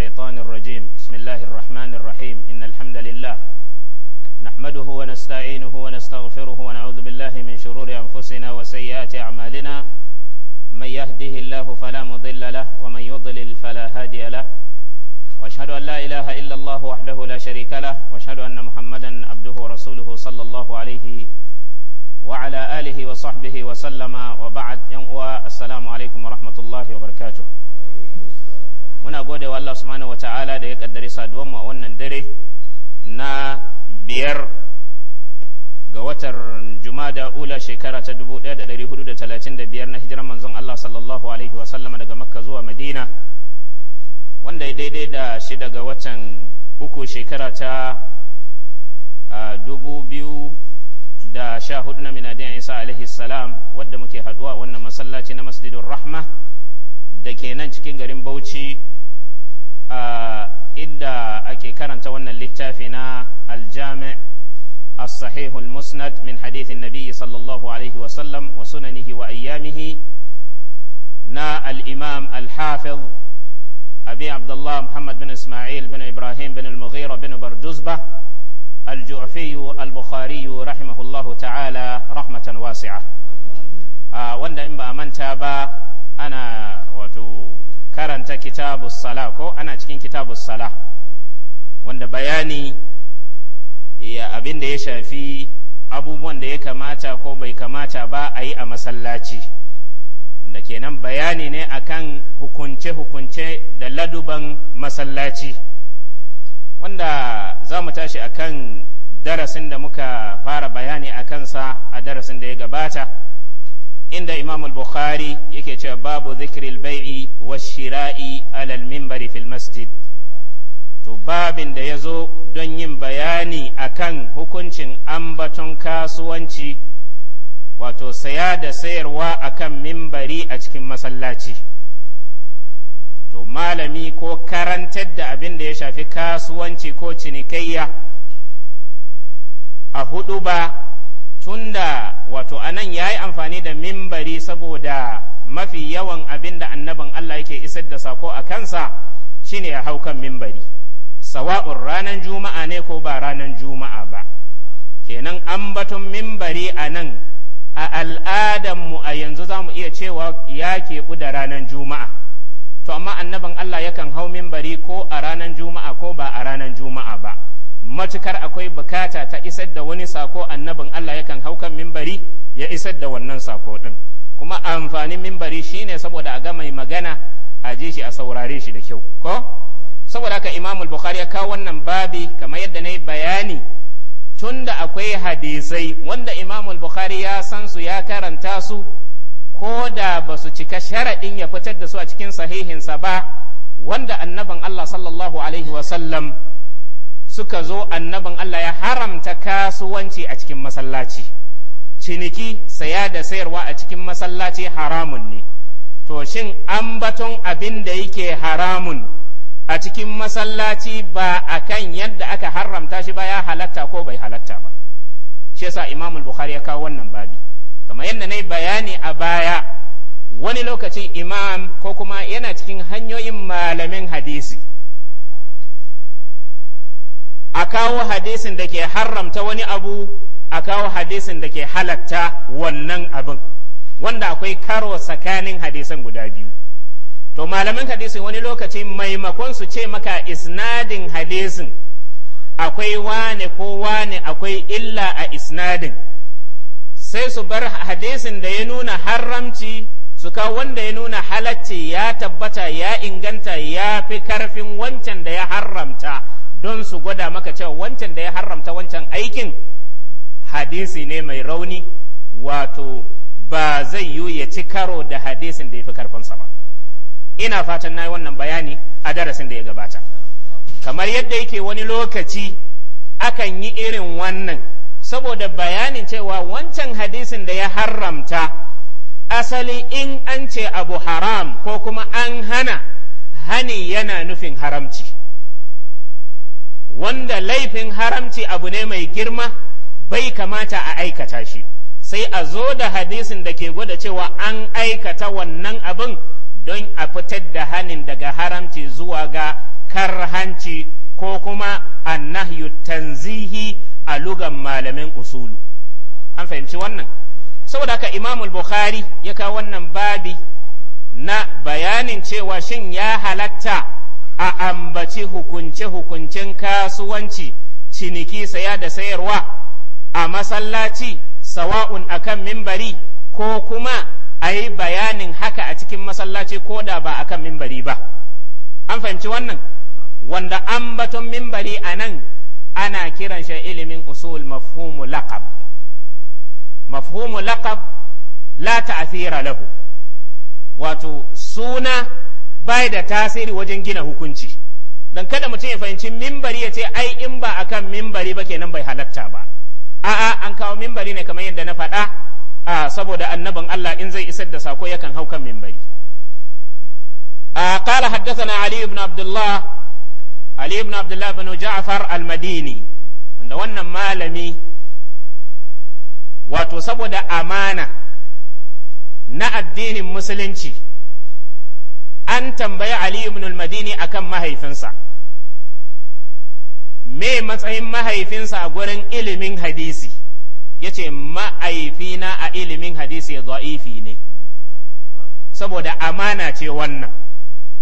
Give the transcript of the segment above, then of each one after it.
الشيطان الرجيم بسم الله الرحمن الرحيم إن الحمد لله نحمده ونستعينه ونستغفره ونعوذ بالله من شرور أنفسنا وسيئات أعمالنا من يهده الله فلا مضل له ومن يضلل فلا هادي له واشهد أن لا إله إلا الله وحده لا شريك له واشهد أن محمدا عبده ورسوله صلى الله عليه وعلى آله وصحبه وسلم وبعد يوم السلام عليكم ورحمة الله وبركاته muna gode wa Allah subhanahu wataala da ya kaddare saduwar mu a wannan dare na biyar ga watan Jumada ula shekara ta 1435 na hijirar manzon Allah sallallahu alaihi wa sallama daga Makka zuwa Madina wanda ya daidai da shi daga watan uku shekara ta dubu biyu da sha hudu na minadiyan isa alaihi salam wadda muke haduwa wannan masallaci na masjidun rahma da ke nan cikin garin bauchi inda ake karanta wannan littafi na aljami الصحيح المسند من حديث النبي صلى الله عليه وسلم وسننه وأيامه نا الإمام الحافظ أبي عبد الله محمد بن إسماعيل بن إبراهيم بن المغيرة بن برجزبة الجعفي البخاري رحمه الله تعالى رحمة واسعة آه وأن إن أمنت با ana wato karanta kitabu sala ko ana cikin kitabu sala wanda bayani ya abin da ya shafi abubuwan da ya kamata ko bai kamata ba a yi a masallaci wanda kenan bayani ne akan hukunce-hukunce da laduban masallaci wanda za mu tashi akan darasin da muka fara bayani a kansa a darasin da ya gabata inda imam al-bukhari yake cewa babu zikirin bai'i wa shira'i alal mimbari fil masjid to babin da ya zo don yin bayani akan hukuncin ambaton kasuwanci wato saya da sayarwa akan mimbari a cikin masallaci to malami ko karantar da abin da ya shafi kasuwanci ko cinikayya a hudu ba tunda wato anan ya yi amfani da mimbari saboda mafi yawan abin da annabin Allah yake isar da sako a kansa shine ya hau kan mimbari sawa'un ranar juma'a ne ko ba ranar juma'a ba kenan an batun mimbari a nan a al'adanmu a yanzu za mu iya cewa ya keɓu da ranar juma'a to amma annaban Allah yakan hau mimbari ko a ranar juma'a ko ba a ranar juma'a ba matukar akwai bukata ta isar da wani sako annabin Allah yakan hau kan mimbari ya isar da wannan sako ɗin kuma amfanin mimbari shine saboda a ga mai magana a je shi a saurare shi da kyau ko saboda haka imamul Bukhari ya kawo wannan babi kamar yadda na yi bayani tunda akwai hadisai wanda Imam Bukhari ya san su ya karanta su ko da ba su cika sharaɗin ya fitar da su a cikin sahihinsa ba wanda annaban Allah sallallahu alaihi wa sallam suka zo annabin Allah ya haramta kasuwanci a cikin masallaci ciniki saya da sayarwa a cikin masallaci haramun ne to shin an baton abin da yake haramun a cikin masallaci ba a kan yadda aka haramta shi ba ya halatta ko bai halatta ba shi yasa imam bukhari ya kawo wannan babi kamar yadda na yi bayani a baya wani lokacin imam ko kuma yana cikin hanyoyin malamin hadisi a kawo hadisin da ke haramta wani abu a kawo hadisin da ke halatta wannan abin wanda akwai karo tsakanin hadisan guda biyu to malaman hadisin wani lokaci maimakon su ce maka isnadin hadisin akwai wane ko wane akwai illa a isnadin sai su bar hadisin da ya nuna haramci su kawo wanda ya nuna halacci ya tabbata ya inganta ya fi karfin wancan da ya haramta don su gwada maka cewa wancan da ya haramta wancan aikin hadisi ne mai rauni wato ba zai yi ya ci karo da hadisin da ya fi karfinsa ba ina fatan na yi wannan bayani a darasin da ya gabata kamar yadda yake wani lokaci akan yi irin wannan saboda bayanin cewa wancan hadisin da ya haramta asali in an ce abu haram ko kuma an hana hani yana nufin haramci wanda laifin haramci abu ne mai girma bai kamata a aikata shi sai a zo da hadisin da ke gwada cewa an aikata wannan abin don a fitar da hannun daga haramci zuwa ga karhanci ko kuma annahyu tanzihi a lugan malamin usulu an fahimci wannan saboda haka imamul bukhari ya kawo wannan babi na bayanin cewa shin ya halatta a ambaci hukunce-hukuncen kasuwanci ciniki saya da sayarwa a masallaci sawa'un akan mimbari ko kuma a yi bayanin haka a cikin masallaci ko da ba a kan mimbari ba an fahimci wannan wanda ambaton mimbari a nan ana kiran shi ilimin usul mafhumu laqab mafhumu laqab la ta'afira lahu wato suna bai da tasiri wajen gina hukunci don kada mutum ya fahimci mimbari ya ce ai in ba a kan mimbari ba kenan bai halatta ba a'a an kawo mimbari ne kamar yadda na faɗa a saboda annabin Allah in zai isar da sako yakan hau kan mimbari a haddasa na ali ibn abdullah ali ibn abdullah ibn ja'far al-madini wanda wannan malami wato saboda amana na addinin musulunci an tambayi ali ibn al-madini akan mahaifinsa me matsayin mahaifinsa a gurin ilimin hadisi yace ma'aifina a ilimin hadisi ya za'ifi ne saboda amana ce wannan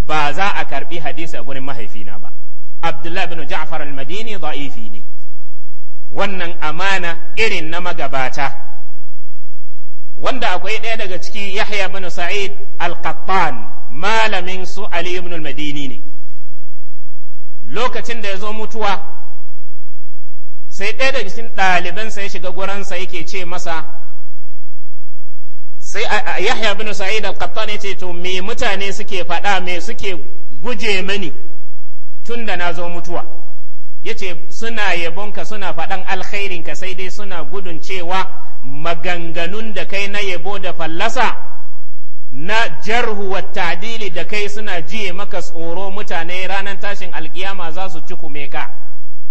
ba za a karbi hadisi a gurin mahaifina ba abdullahi bin ja'far al-madini za'ifi ne wannan amana irin na magabata wanda akwai ɗaya daga ciki Yahya bin Sa'id al-Qattan malamin su Ali ibn al-Madini ne lokacin da ya zo mutuwa sai ɗaya daga cikin ɗalibansa ya shiga guransa yake ce masa sai Yahya bin Sa'id al-Qattan ya to me mutane suke faɗa me suke guje mani tunda na zo mutuwa yace suna yabonka suna faɗan alkhairinka sai dai suna gudun cewa maganganun da kai na yabo da fallasa na jarhu wa ta'dili da kai suna jiye maka tsoro mutane ranar tashin alkiyama za su ci kume ka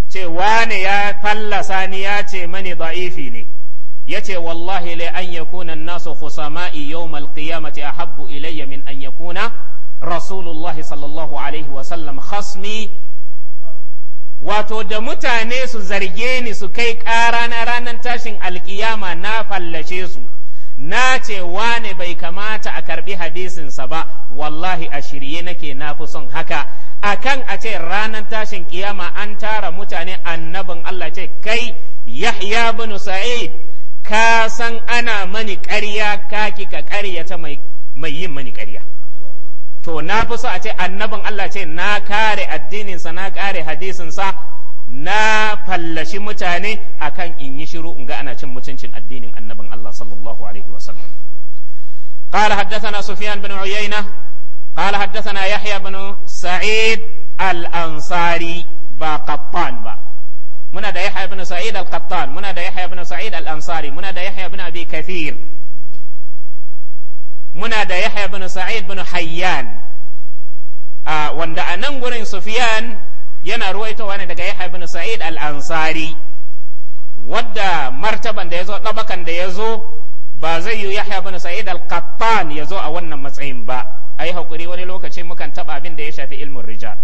ce wane ya fallasa ni ya ce mani da'ifi ne ya ce wallahi la an yakuna nasu khusama'i yawmal a ahabbu ilayya min an kuna. rasulullahi sallallahu alaihi wa sallam khasmi wato da mutane su zarge ni su kai ƙara na ranar tashin alkiyama na fallace su na ce wane bai kamata a karbi hadisinsa ba wallahi a shirye nake na fi son haka a kan a ce ranar tashin kiyama an tara mutane annabin Allah ce kai Yahya bin Sa'id ka san ana mani ƙarya kaki ka ƙaryata mai yin mani ƙarya to na fi so a ce annabin Allah ce na kare addininsa na kare hadisinsa na fallashi mutane akan in yi shiru in ga ana cin mutuncin addinin annabin Allah sallallahu alaihi wasallam قال حدثنا سفيان بن عيينة قال حدثنا يحيى بن سعيد الأنصاري با با منا يحيى بن سعيد القطان منا يحيى بن سعيد الأنصاري منا يحيى بن أبي كثير muna da yahya bin sa'id bin hayyan ah, wanda a nan gurin sufiyan yana ruwaitowa ne daga yahya bin sa'id al-ansari wadda martaban da ya zo ɗabakan da ya zo ba zai yi yahya bin sa'id al-qattan ya zo a wannan matsayin ba a yi wani lokaci mukan taɓa abin da ya shafi ilmin rijal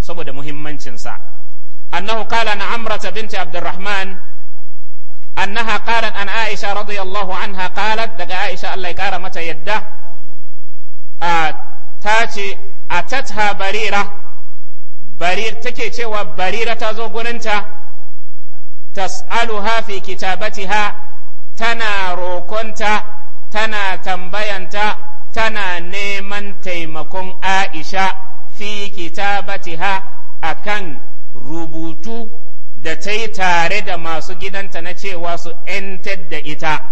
saboda muhimmancinsa annahu qala na amrata binti abdurrahman annaha qalat an aisha radiyallahu anha qalat daga aisha Allah ya kara mata yadda ta ce atatha barira barir take cewa barira ta zo gurinta tas'aluha fi kitabatiha tana rokonta tana tambayanta tana neman taimakon aisha fi kitabatiha akan rubutu da ta yi tare da masu gidanta na cewa su ‘yantar da ita,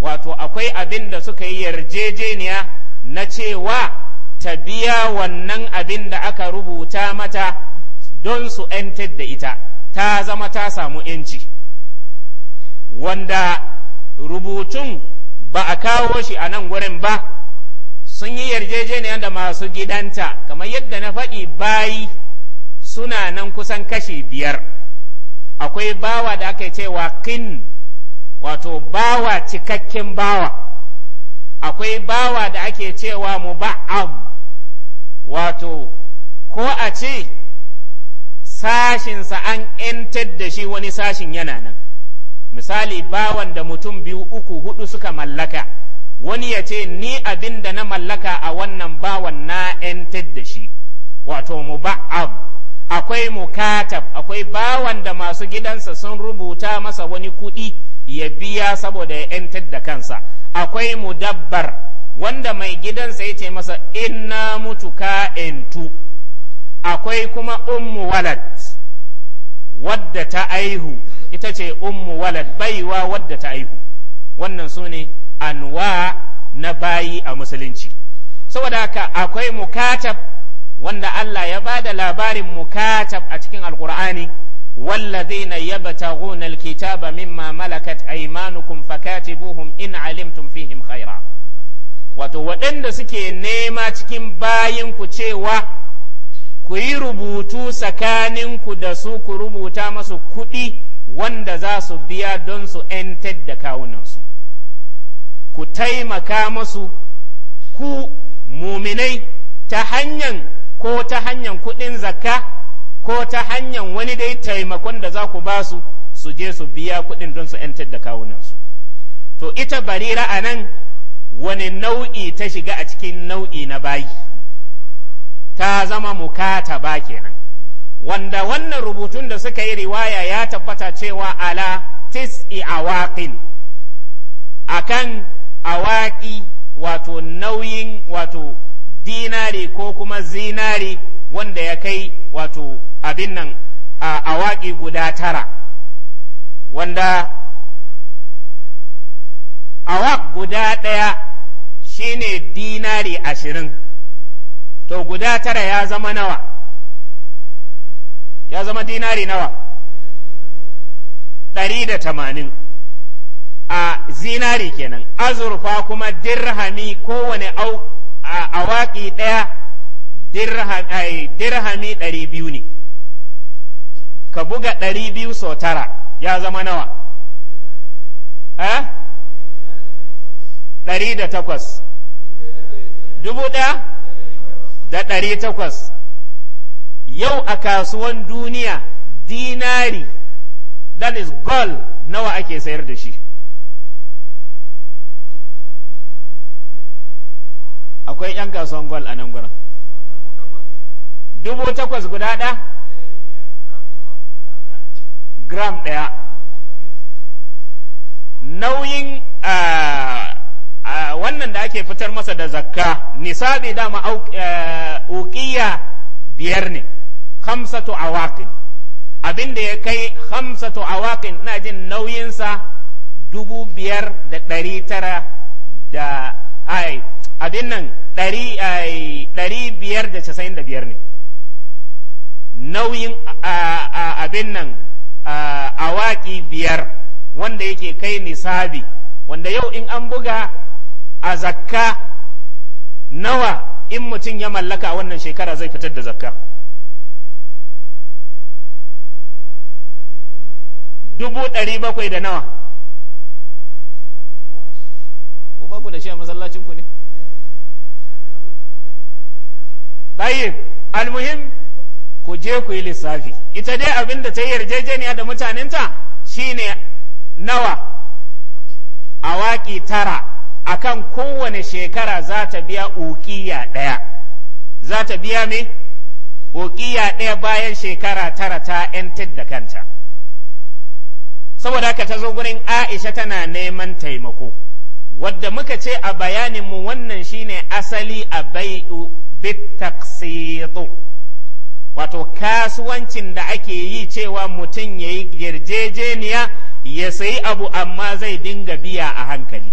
wato akwai abin da suka yi yarjejeniya na cewa ta biya wannan abin da aka rubuta mata don su ‘yantar da ita, ta zama ta samu ‘yanci, wanda rubutun ba a kawo shi a nan wurin ba, sun yi yarjejeniya da masu gidanta, kamar yadda na faɗi bayi suna nan kusan kashi biyar. akwai bawa da aka cewa kin wato bawa cikakken bawa akwai bawa da ake cewa mu ba'am, wato ko a ce sashinsa an ‘yantar da shi wani sashin yana nan misali bawan da mutum biyu uku hudu suka mallaka wani ya ce ni abin da na mallaka a wannan bawan na ‘yantar da shi wato mu muba'ab akwai mukatab akwai bawan da masu gidansa sun rubuta masa wani kuɗi ya biya saboda ya 'yantar da kansa akwai mudabbar wanda mai gidansa ya ce masa inna mutu ka'intu akwai kuma ummu walad wadda ta aihu ita ce ummu walad baiwa wadda ta aihu wannan su ne anwa na bayi a musulunci saboda haka akwai mukatab wanda Allah ya ba da labarin mukatab a cikin alkur'ani wallazina yabtaghuna alkitaba mimma malakat aymanukum fakatibuhum in alimtum fihim khaira wato waɗanda suke nema cikin bayinku cewa ku yi rubutu tsakaninku da su ku rubuta masu kuɗi wanda za su biya don su ‘yantar da kawunansu ku taimaka masu ku muminai ta hanyar ko ta hanyar kuɗin zakka ko ta hanyar wani dai taimakon da za ku ba su su je su biya kuɗin don su 'yantar da kawunansu to ita barira a nan wani nau'i ta shiga a cikin nau'i na bayi ta zama mukata ba kenan wanda wannan rubutun da suka yi riwaya ya tabbata cewa ala tis'i awaqin akan awaki wato nauyin wato dinari ko kuma zinari wanda ya kai wato abin nan a waƙi guda tara wanda awak guda ɗaya shine dinari ashirin to guda tara ya zama nawa ya zama dinari nawa ɗari da tamanin a zinari kenan azurfa kuma dirhami kowane au a waƙi ɗaya dirhami ɗari biyu ne ka buga ɗari biyu sau tara ya zama nawa eh? ɗari da takwas dubu ɗaya da ɗari takwas yau a kasuwan duniya dinari that is gold nawa ake sayar da shi akwai 'yan kasuwan gwal a nan gurin dubu takwas guda ɗa gram ɗaya nauyin wannan da ake fitar masa da zakka nisabi dama uƙiya e, biyar ne hamsatu a abin da ya kai hamsatu wakin na jin nauyinsa dubu biyar da ɗari tara da ai abin nan ɗari biyar da casa'in da biyar ne nauyin abin nan awaƙi biyar wanda yake kai nisabi wanda yau in an buga a zakka nawa in mutum ya mallaka a wannan shekara zai fitar da zakka dubu ɗari bakwai da nawa ku ba ku da shi a masallacinku ne tayyib almuhim ku je ku yi lissafi ita dai abin da ta yi yarjejeniya da mutanenta shine nawa a awaki tara akan kowane shekara za ta biya ukiya ɗaya za ta biya me ukiya ɗaya bayan shekara tara ta 'yantar da kanta saboda haka ta zo gurin aisha tana neman taimako wadda muka ce a bayaninmu wannan shine asali a bai'u bitaksitu wato kasuwancin da ake yi cewa mutum ya yi yarjejeniya ya sayi abu amma zai dinga biya a hankali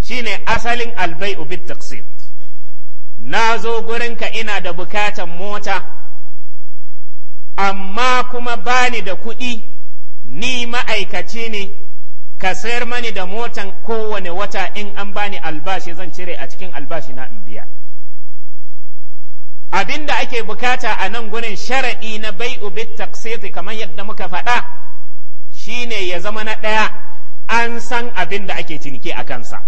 shine asalin albai'u bitaksit na zo gurinka ina da bukatan mota amma kuma bani da kuɗi ni ma'aikaci ne ka sayar mani da motan kowane wata in an bani albashi zan cire a cikin albashi na in biya abin da ake bukata a nan gurin sharaɗi na bai'u bit taqsiti kamar yadda muka faɗa shine ya zama na ɗaya an san abin da ake ciniki a kansa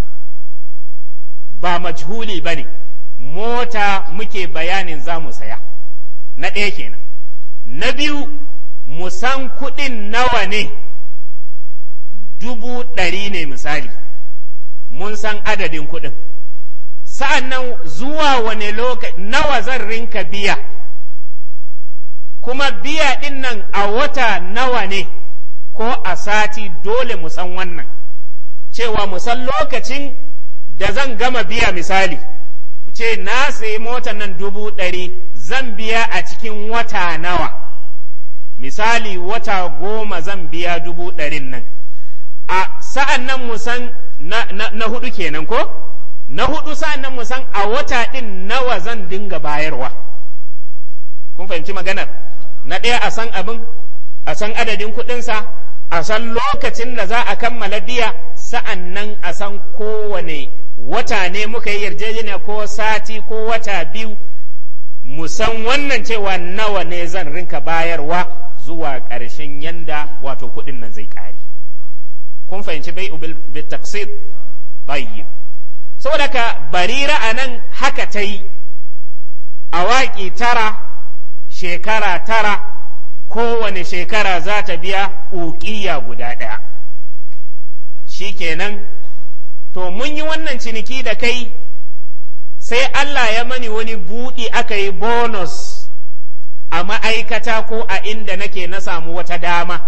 ba majhuli ba ne mota muke bayanin za mu saya na ɗaya kenan na biyu mu san kuɗin nawa ne dubu ɗari ne misali mun san adadin kuɗin sa'an nan zuwa wane lokaci nawa zan rinka biya kuma biya ɗin nan a wata nawa ne ko a sati dole mu san wannan cewa mu san lokacin da zan gama biya misali ce na sayi motar nan dubu ɗari zan biya a cikin wata nawa misali wata goma zan biya dubu ɗarin nan a sa'an nan mu na hudu kenan ko na hudu sa'an nan mu a wata ɗin nawa zan dinga bayarwa kun fahimci maganar na ɗaya a san abin a san adadin kuɗinsa a san lokacin da za a kammala diya, sa'an nan a san kowane wata ne muka yi yarjejeniya ko sati ko wata biyu musan wannan cewa nawa ne zan rinka bayarwa zuwa ƙarshen yanda wato kuɗin nan zai ƙare kun fahimci bai ubil bitaqsid bayi saboda ka barira anan haka ta yi waƙi tara shekara tara kowane shekara za ta biya uƙiya guda ɗaya shi kenan to mun yi wannan ciniki da kai sai Allah ya mani wani buɗi aka yi bonus a ma'aikata ko a inda nake na samu wata dama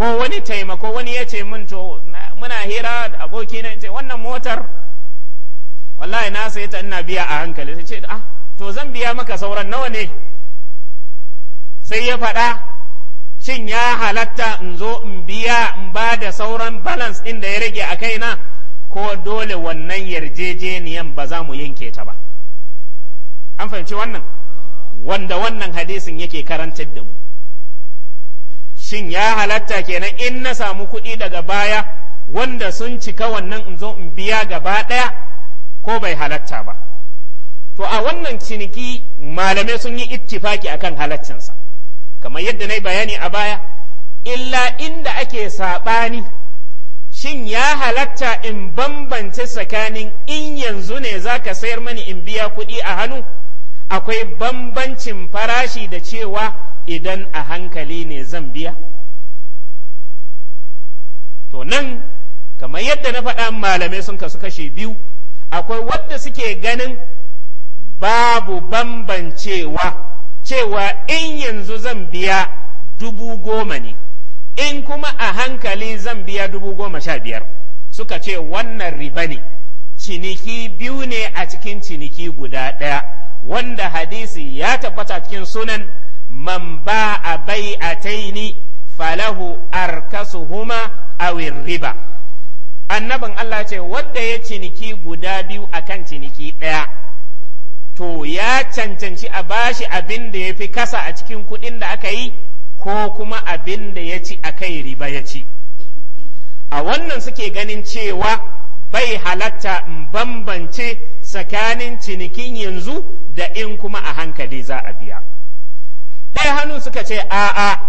ko wani taimako wani ya ce min to muna hira da aboki na ce wannan motar wallahi na sai ta ina biya a hankali sai ce ah to zan biya maka sauran nawa ne sai ya faɗa shin ya halatta in zo in biya in ba da sauran balance ɗin da ya rage a kaina ko dole wannan yarjejeniyan ba za mu yanke ta ba an fahimci wannan wanda wannan hadisin yake karantar da mu shin ya halatta kenan in na samu kuɗi daga baya wanda sun cika wannan in zo in biya gaba ɗaya ko bai halatta ba to a wannan ciniki malamai sun yi ittifaki akan halaccinsa kamar yadda na yi bayani a baya illa inda ake saɓani shin ya halatta in bambance tsakanin in yanzu ne za ka sayar mani in biya kuɗi a hannu akwai bambancin farashi da cewa idan a hankali ne zan biya to nan kamar yadda na faɗa malamai sun kasu kashe biyu akwai wadda suke ganin babu bambancewa cewa in yanzu zan biya dubu goma ne in kuma a hankali zan biya dubu goma sha biyar suka ce wannan riba ne ciniki biyu ne a cikin ciniki guda ɗaya wanda hadisi ya tabbata cikin sunan man ba a bai a taini falahu arkasuhuma awin annabin Allah ce wadda ya ciniki guda biyu akan ciniki ɗaya to ya cancanci a bashi abin da ya fi kasa a cikin kuɗin da aka yi ko kuma abin da ya ci a kai riba ya ci a wannan suke ganin cewa bai halatta in bambance tsakanin cinikin yanzu da in kuma a hankali za a biya ɗaya hannu suka ce a'a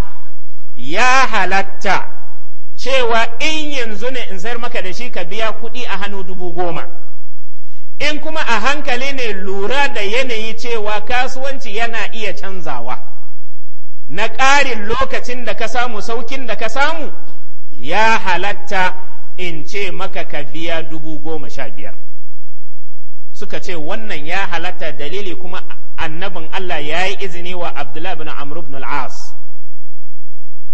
ya halatta cewa in yanzu ne in sayar maka da shi ka biya kuɗi a hannu dubu goma in kuma a hankali ne lura da yanayi cewa kasuwanci yana iya canzawa na ƙarin lokacin da ka samu saukin da ka samu ya halatta in ce maka ka biya dubu goma sha biyar suka ce wannan ya halatta dalili kuma annabin Allah ya yi izini wa Abdullahi bin Amr ibn al-As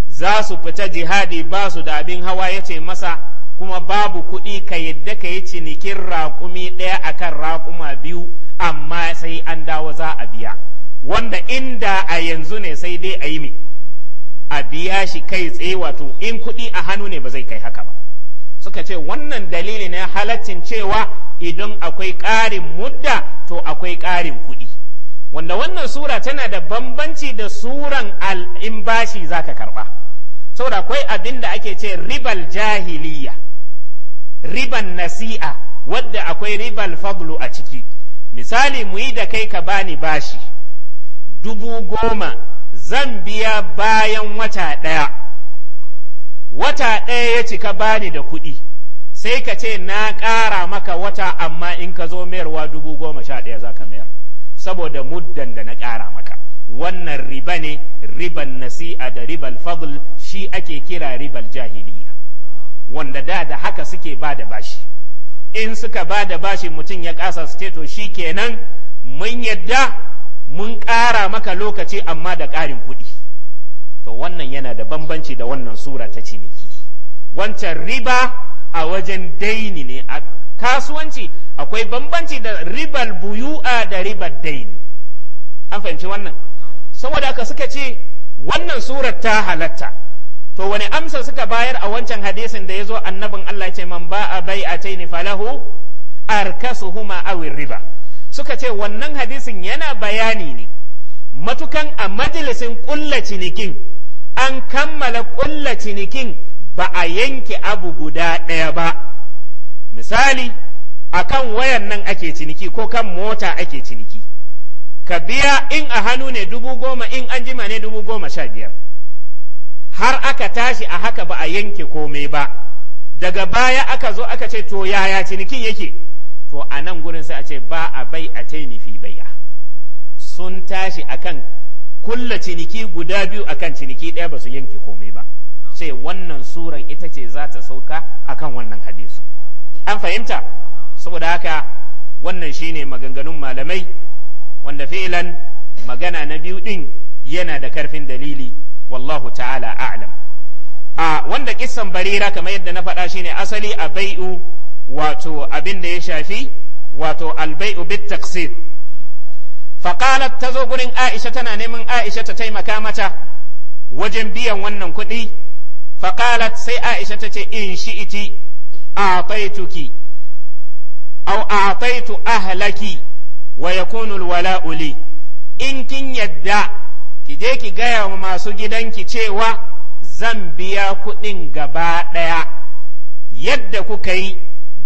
za su fita jihadi ba su da abin hawa ya ce masa kuma babu kuɗi ka yadda ka yi cinikin raƙumi ɗaya akan raƙuma biyu amma sai an dawo za a biya wanda inda a yanzu ne sai dai a yi a biya shi kai tsaye wato in kuɗi a hannu ne ba zai kai haka ba suka ce wannan dalili ne halaccin cewa idan akwai ƙarin mudda to akwai ƙarin kuɗi wanda wannan sura tana da bambanci da suran al'in bashi za ka karɓa saboda akwai abin da ake ce ribal jahiliya riban nasi'a wadda akwai ribal fadlu a ciki misali mu yi da kai ka bani bashi dubu goma zan biya bayan wata ɗaya wata ɗaya ya cika bani da kuɗi sai ka ce na ƙara maka saboda muddan da na ƙara maka wannan riba ne riban nasi'a da ribal fadl shi ake kira ribal jahiliya wanda da da haka suke ba da bashi in suka ba da bashi mutum ya ƙasa su ce to shi kenan mun yadda mun ƙara maka lokaci amma da ƙarin kuɗi to wannan yana da bambanci da wannan sura ta ciniki wancan riba a wajen daini ne a kasuwanci akwai bambanci da ribar buyu'a da ribar dain an fahimci wannan saboda haka suka ce wannan surar ta halatta to wani amsa suka bayar a wancan hadisin da ya zo annabin Allah ya ce man ba'a ni falahu arkasuhuma awir riba suka ce wannan hadisin yana bayani ne matukan a majalisin ƙulla cinikin an kammala ƙulla cinikin ba a yanke abu guda ɗaya ba misali a kan wayan nan ake ciniki ko kan mota ake ciniki ka biya in a hannu ne dubu goma in an jima ne dubu goma sha biyar har aka tashi a haka ba a yanke komai ba daga baya aka zo aka ce to yaya cinikin yake to a nan gurin sai a ce ba a bai a taimifi baya sun tashi akan kulla ciniki guda biyu akan ciniki ɗaya ba su yanke komai ba sai wannan suran ita ce za ta sauka akan wannan hadisu an fahimta saboda haka wannan shine maganganun malamai wanda fi'lan magana na biyu din yana da karfin dalili wallahu ta'ala a'lam a wanda kissan barira kamar yadda na faɗa shine asali a bai'u wato abin da ya shafi wato albai'u bit taqsid ta zo gurin Aisha tana neman Aisha ta taimaka mata wajen biyan wannan kuɗi faƙalat sai Aisha ta ce in iti a baituki aw a'taitu ahlaki wa yakunu alwala'u in kin yadda ki je ki gaya wa masu gidanki cewa zan biya kuɗin gaba ɗaya yadda kuka yi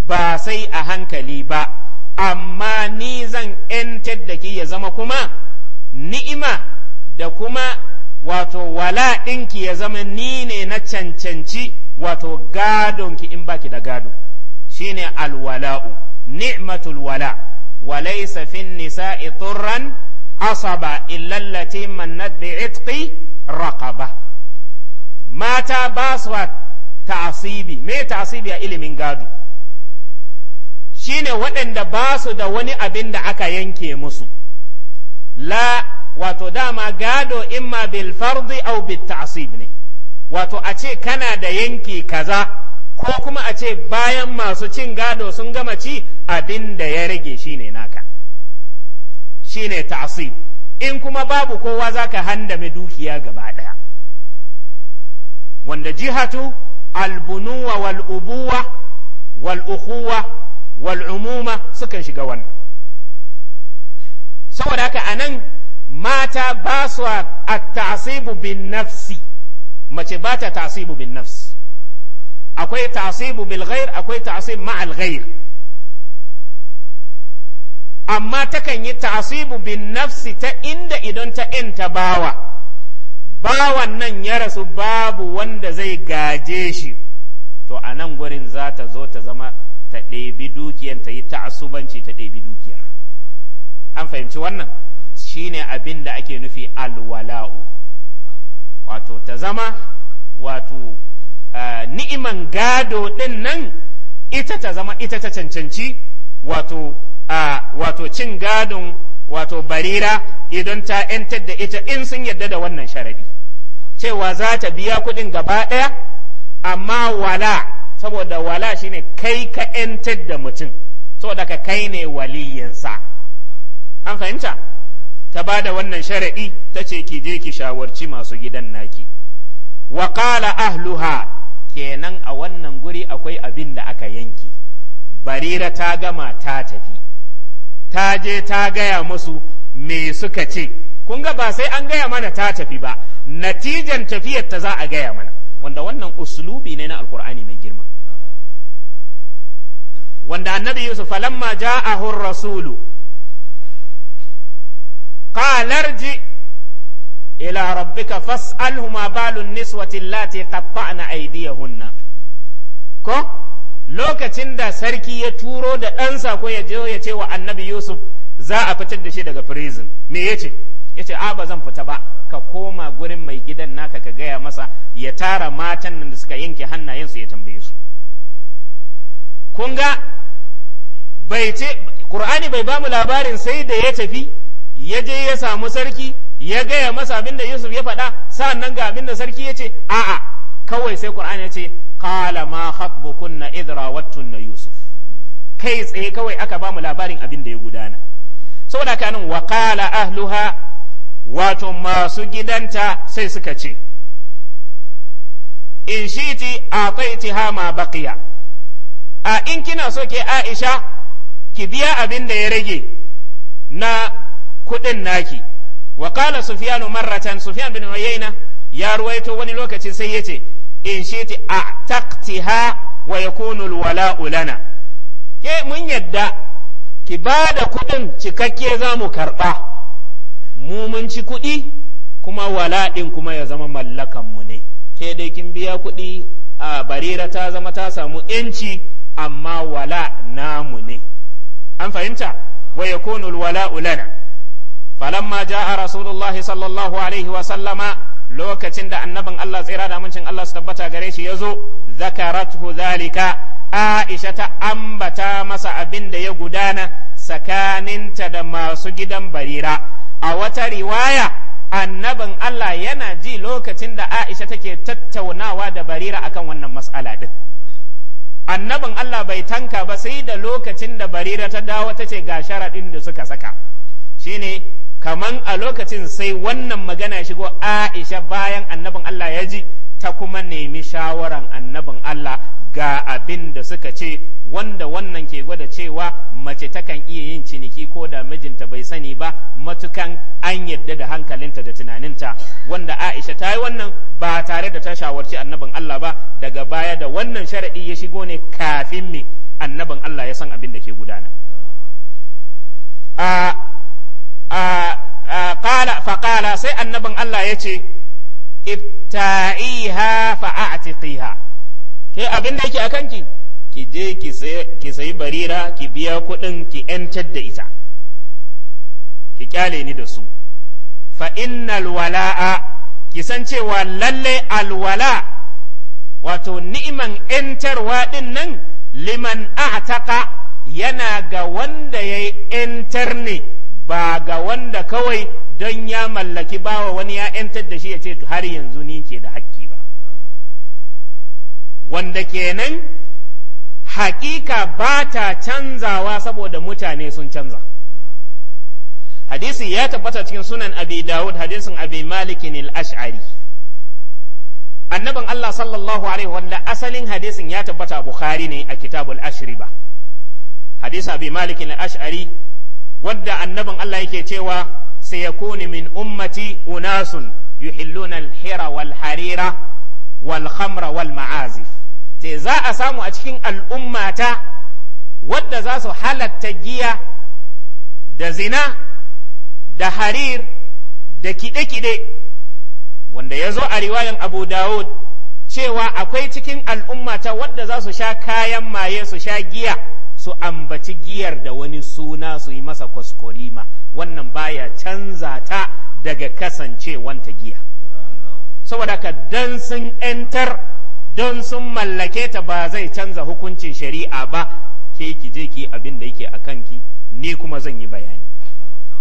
ba sai a hankali ba amma ni zan ‘yantar da ki ya zama kuma ni'ima da kuma wato wala ɗinki ya zama ni ne na cancanci wato gadonki in baki da gado shine alwala'u ni'matul wala wa laysa fin nisa'i turran asaba illa allati mannat bi itqi raqaba mata ba ta'asibi me ta'asibi a ilimin gado shine waɗanda ba su da wani abin da aka yanke musu la wato dama gado imma bil fardi aw bit ta'sib ne wato a ce kana da yanki kaza ko kuma a ce bayan masu cin gado sun gama ci abin da ya rage shine naka shine ta'asib in kuma babu kowa zaka handame dukiya gaba ɗaya wanda jihatu albunuwa wal ubuwa wal ukhuwa wal umuma sukan shiga wannan saboda haka anan mata ba su a tasibu bin nafsi mace ba ta ta'sibu bin nafsi akwai ta'sibu bil ghair akwai ta'sib ma'al ghair amma takan yi ta'sibu bin nafsi ta inda idan ta ta bawa bawan nan ya rasu babu wanda zai gaje shi to a nan gurin za ta zo ta zama ta ɗebi dukiyar ta yi ta'asubanci ta ɗebi dukiyar an fahimci wannan shine abin da ake nufi alwala'u wato ta zama wato Ah, ni'iman gado ɗin nan ita ta zama ita ta cancanci wato ah, cin gadon wato barira idan ta ‘yantar da ita in sun yarda da wannan sharaɗi. cewa za ta biya kuɗin gaba ɗaya amma wala saboda wala shine kai ka ‘yantar da mutum saboda ka kai ne waliyinsa an fahimta ta ba da wannan sharaɗi ta ce ki je ki shawarci masu gidan naki wa qala ahluha kenan a wannan guri akwai abin da aka yanke barira ta gama ta tafi ta je ta gaya musu me suka ce kun ga ba sai an gaya mana ta tafi ba natijan tafiyar ta za a gaya mana wanda wannan uslubi ne na alkur'ani mai girma wanda annabi yusuf falamma Sulu rasulu qalarji ila rabbika ma balun niswati allati qatta'na aydiyahunna ko lokacin da sarki ya turo da ɗansa ko ya je ya ce wa annabi yusuf za a fitar da shi daga prison me yace yace a ba zan fita ba ka koma gurin mai gidan naka ka gaya masa ya tara matan nan da suka yanke hannayensu ya tambaye su kun ga bai ce qur'ani bai ba mu labarin sai da ya tafi ya je ya samu sarki ya gaya masa abin da Yusuf ya faɗa sa'annan ga abin da sarki ya ce a'a kawai sai Qur'ani ya ce qala ma khatbukunna idh rawattunna Yusuf kai tsaye kawai aka ba mu labarin abin da ya gudana saboda kanin wa qala ahluha wato masu gidanta sai suka ce in shiti ha ma baqiya a in kina so ke Aisha ki biya abin da ya rage na kuɗin naki wa qala sufyanu marratan sufyan bin wayaina ya ruwaito wani lokaci sai yace in shiti a wa yakunu alwala'u lana ke mun yadda ki bada kudin cikakke za mu karba mu mun ci kudi kuma wala'in kuma ya zama mallakan mu ne ke dai kin biya kudi a barira ta zama ta samu yanci amma wala namu ne an fahimta wa yakunu alwala'u lana falamma jaa rasulullahi sallallahu alaihi wa sallama lokacin da annabin Allah tsira da amincin Allah su tabbata gare shi ya zo yazo zakaratu zalika Aisha ta ambata masa abin da ya gudana tsakaninta da masu gidan barira a wata riwaya annabin Allah yana ji lokacin da Aisha take tattaunawa da barira kan wannan mas'ala ɗin. annabin Allah bai tanka ba sai da lokacin da barira ta dawo ta ce ga sharaɗin da suka saka shine kaman a lokacin sai wannan magana ya shigo Aisha bayan annabin Allah ya ji ta kuma nemi shawaran annabin Allah ga abin da suka ce wanda wannan ke gwada cewa mace takan iya yin ciniki ko da mijinta bai sani ba matukan an yadda da hankalinta da tunaninta wanda Aisha ta yi wannan ba tare da ta shawarci annabin Allah ba daga baya da wannan sharaɗi ya shigo ne kafin me annabin Allah ya san abin da ke gudana. qala fa qala sai annabin Allah yace ibta'iha fa a'tiqiha ke abin da yake akan ki ki je ki sayi barira ki biya kuɗin ki ‘yantar da ita, ki kyale ni da su, fa innal wala'a, ki san cewa lalle alwala, wato ni'iman ‘yantarwa ɗin nan liman a'taka yana ga wanda ya yi ‘yantar ne ba ga wanda kawai don ya mallaki bawa wani ya ‘yantar da shi ya ce har yanzu ni ke da haƙƙi ba wanda kenan haƙiƙa ba ta canzawa saboda mutane sun canza hadisi ya tabbata cikin sunan abi dawud hadisin abi malikin al-ash'ari annabin Allah sallallahu alaihi wanda asalin hadisin ya tabbata Bukhari ne a kitabul ashriba hadisin abi malikin al-ash'ari wadda annabin Allah yake cewa sayakuni min ummati unasun yuhilluna al wal harira wal khamra wal ma'azif ce za a samu a cikin al'ummata wadda za su halatta giya da zina da harir da kide-kide wanda ya zo a riwayan abu dawud cewa akwai cikin al'ummata wadda za su sha kayan maye su sha giya su ambaci giyar da wani suna su yi masa ma wannan baya canza ta daga kasancewanta giya saboda ka don sun 'yantar don sun mallake ta ba zai canza hukuncin shari'a ba ke ki je ki abin da yake a kanki ni kuma zan yi bayani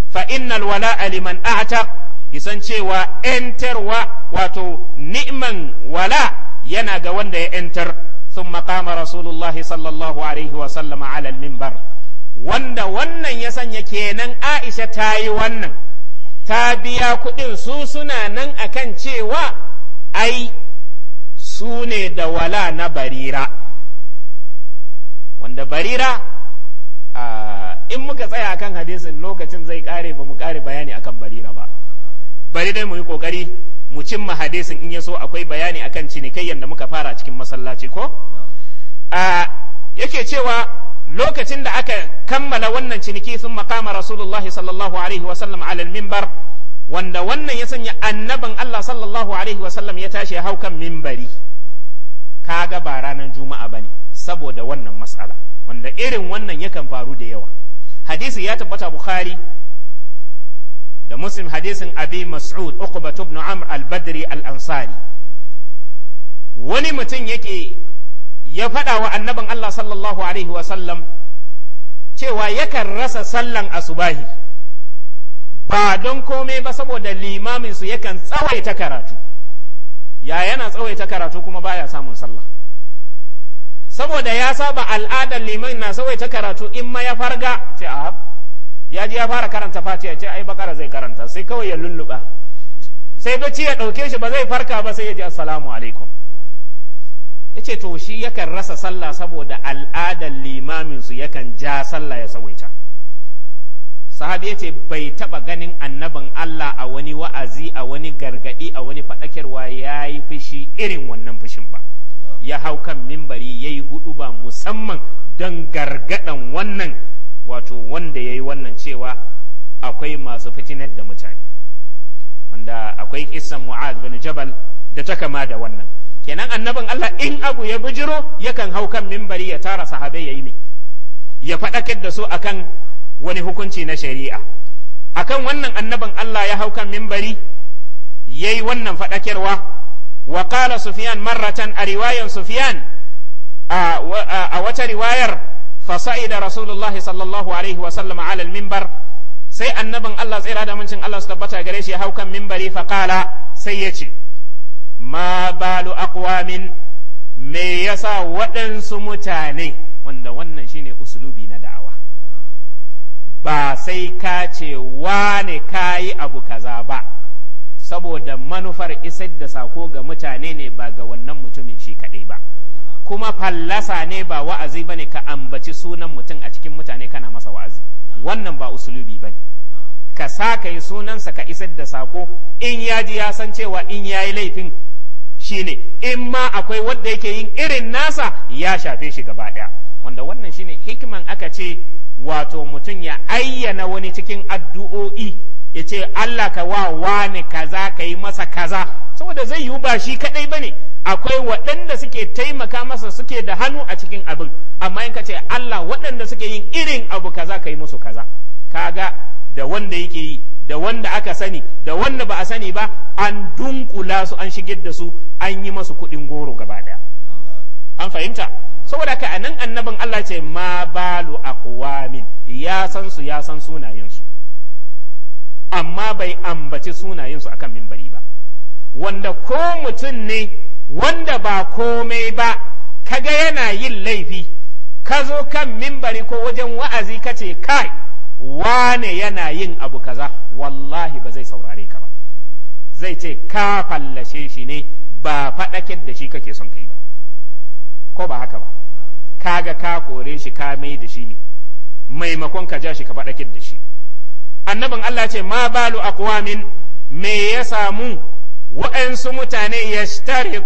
fa innal wala aliman ahata kisan cewa 'yantarwa wato ni'man wala yana ga wanda ya 'yantar ثم قام رسول الله صلى الله عليه وسلم على المنبر wanda wannan ya sanya kenan Aisha ta yi wannan ta biya kuɗin su suna nan akan cewa ai su ne da wala na barira wanda barira in muka tsaya akan hadisin lokacin zai kare ba mu kare bayani akan barira ba bari dai mu yi kokari mu cimma hadisin in yaso akwai bayani akan cinikayyar da muka fara cikin masallaci ko yake cewa lokacin da aka kammala wannan ciniki sun makama rasulullahi sallallahu alaihi wasallam alal mimbar wanda wannan ya sanya annabin Allah sallallahu alaihi wasallam ya tashi ya hau kan mimbari kaga ba ranar juma'a ba ne saboda wannan matsala wanda irin wannan yakan faru da yawa hadisi ya tabbata bukhari da muslim hadisin abi mas'ud uqba ibn amr al-badri al-ansari wani mutum yake ya faɗa wa annabin Allah sallallahu alaihi wa sallam cewa yakan rasa sallan asubahi ba don komai ba saboda limamin su yakan tsawaita karatu ya yana tsawaita karatu kuma baya samun sallah saboda ya saba al'adar liman na tsawaita karatu in ma ya farga ce a ya ji ya fara karanta fatiha ce ai bakara zai karanta sai kawai ya lulluba sai bacci ya ɗauke shi ba zai farka ba sai ya ji assalamu alaikum ya to shi yakan rasa sallah saboda al'adar limamin su yakan ja sallah ya sawaita sahabi ya ce bai taɓa ganin annabin Allah a wani wa'azi a wani gargadi a wani faɗakarwa ya yi fushi irin wannan fushin ba ya hau kan mimbari ya yi hudu ba musamman don gargadan wannan wato wanda ya yi wannan cewa akwai masu fitinar da mutane wanda akwai kisan mu'az bin jabal da ta kama da wannan kenan annabin Allah in abu ya bijiro yakan hau kan mimbari ya tara sahabai ya yi mai ya faɗakar da su akan wani hukunci na shari'a akan wannan annabin Allah ya hau kan mimbari ya yi wannan faɗakarwa wa qala sufyan marratan a riwayan sufyan a wata riwayar fasa'ida rasulullahi sallallahu alaihi wa sallama ala minbar sai annabin Allah tsira da mincin Allah su tabbata gare shi hau kan minbari fa sai ya ce ma balu aqwamin me yasa waɗansu mutane wanda wannan shine uslubi na da'awa ba sai ka ce wane kayi abu kaza ba saboda manufar isar da sako ga mutane ne ba ga wannan mutumin shi kaɗai ba kuma fallasa ne ba wa'azi ba ne ka ambaci sunan mutum a cikin mutane kana masa wa'azi wannan ba usulubi ba ne. ka sa ka yi sunansa ka isar da sako in ya ji ya san cewa in ya yi laifin shi ne, in ma akwai wanda yake yin irin nasa ya shafe shi gaba ɗaya wanda wannan shine hikiman aka ce wato mutum ya ayyana wani cikin addu'o'i ya ce Allah ka wa wani kaza ka yi masa kaza saboda zai yiwu ba shi kadai bane akwai waɗanda suke taimaka masa suke da hannu a cikin abin amma in ka ce Allah waɗanda suke yin irin abu kaza ka yi musu kaza kaga da wanda yake yi da wanda aka sani da wanda ba a sani ba an dunkula su an shigar da su an yi masu kuɗin goro gaba ɗaya an fahimta saboda ka anan annabin Allah ce ma balu aqwamin ya san su ya san sunayen su. amma bai ambaci sunayen su akan mimbari wanda ko mutum ne wanda ba komai ba kaga yana yin laifi ka zo kan mimbari ko wajen wa'azi ka ce kai wane yana yin abu kaza wallahi ba zai saurare ka ba zai ce ka fallashe shi ne ba faɗakar da shi kake son kai ba ko ba haka ba kaga ka kore shi ka mai da shi ne maimakon ka ja shi ka faɗakar da shi annabin Allah ce ma balu aqwamin me ya samu waɗansu mutane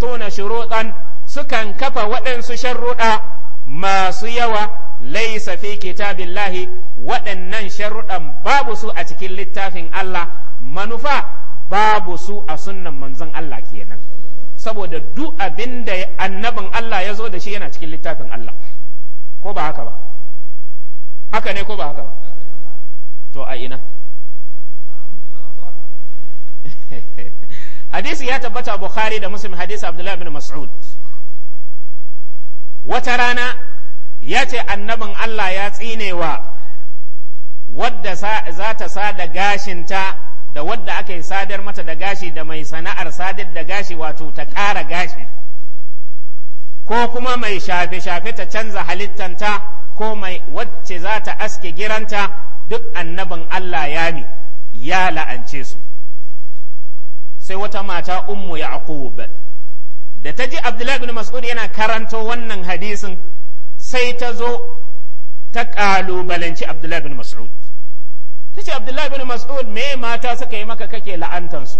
tona shuruɗan sukan kafa waɗansu sharruɗa masu yawa laisa fi kitabillahi waɗannan sharruɗan babu su a cikin littafin Allah manufa babu su a sunnan manzon Allah kenan saboda duk abin da annabin Allah ya zo da shi yana cikin littafin Allah ko ba haka ba haka ne ko ba haka ba to a ina hadisi ya tabbata bukhari da muslim hadisi Abdullah bin mas'ud wata rana ya ce annabin allah ya tsinewa wadda za ta sada gashinta da wadda aka yi sadar mata da gashi da mai sana'ar sadar da gashi wato ta ƙara gashi ko kuma mai shafe-shafe ta canza halittanta ko mai wacce za ta aske giranta duk annabin Allah ya ya la'ance su sai wata mata ummu yaqub da ta ji abdullahi bin mas'ud yana karanto wannan hadisin sai ta zo ta kalubalanci abdullahi bin mas'ud ta ce abdullahi bin mas'ud me mata suka yi maka kake la'antansu